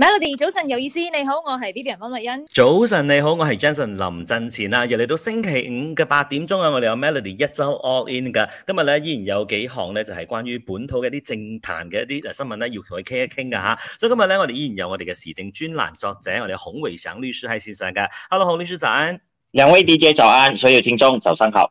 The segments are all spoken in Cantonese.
Melody 早晨有意思，你好，我係 Vivian 方麗欣。早晨你好，我係 Jason 林振前啊，又嚟到星期五嘅八點鐘啊，我哋有 Melody 一周 all in 噶。今日咧依然有幾項咧，就係關於本土嘅一啲政壇嘅一啲新聞咧，要同佢傾一傾噶吓。所以今日咧，我哋依然有我哋嘅時政專欄，作者，我哋洪偉祥律師喺線上噶。Hello，洪律師早安。兩位 DJ 早安，所有聽眾早上好。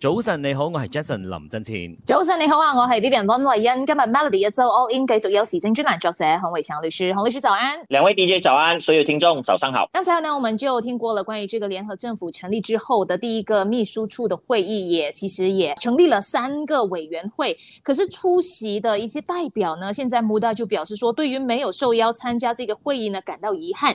早晨，你好，我是 Jason 林振前。早晨，你好啊，我是 Vivian 溫慧欣。今日 Melody 一周 All In 繼續有時政專欄作者洪偉強律師，洪律師早安。兩位 DJ 早安，所有聽眾早上好。剛才呢，我們就聽過了關於這個聯合政府成立之後的第一個秘書處的會議也，也其實也成立了三個委員會。可是出席的一些代表呢，現在穆 a 就表示說，對於沒有受邀參加這個會議呢，感到遺憾。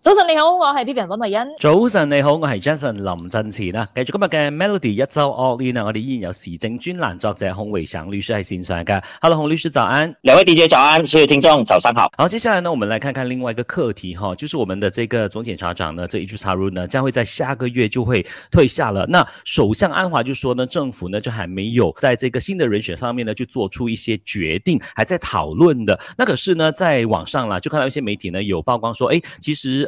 早晨你好，我是 living 溫慧欣。早晨你好，我是 Jason 林振奇啦。繼續今日嘅 melody 一早 all in 啊，我哋依然有時政專欄作者洪偉祥律師喺線上嘅。Hello，洪律師早安。兩位 DJ 早安，所有聽眾早上好。好，接下來呢，我們來看看另外一個課題哈，就是我們的這個總檢察長呢，這個，一句插入呢，將會在下個月就會退下了。那首相安華就說呢，政府呢就還沒有在這個新的人選方面呢，就做出一些決定，還在討論的。那可是呢，在網上啦，就看到一些媒體呢有曝光說，誒、欸，其實。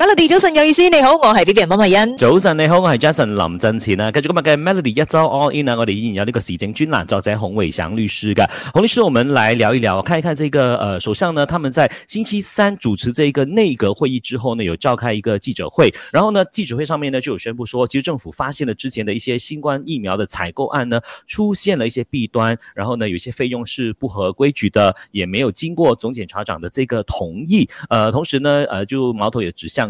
Melody 早晨有意思，你好，我係呢邊溫慧欣。早晨你好，我係 Jason 林振前啊。跟住今日嘅 Melody 一周 All In 啊，我哋依然有呢個時政專欄，作者洪偉祥律師的洪律師，我們來聊一聊，看一看這個，呃，首相呢，他們在星期三主持這個內閣會議之後呢，有召開一個記者會，然後呢，記者會上面呢就有宣布說，其實政府發現了之前的一些新冠疫苗的採購案呢，出現了一些弊端，然後呢，有些費用是不合規矩的，也沒有經過總檢察長的這個同意。呃，同時呢，呃，就矛頭也指向。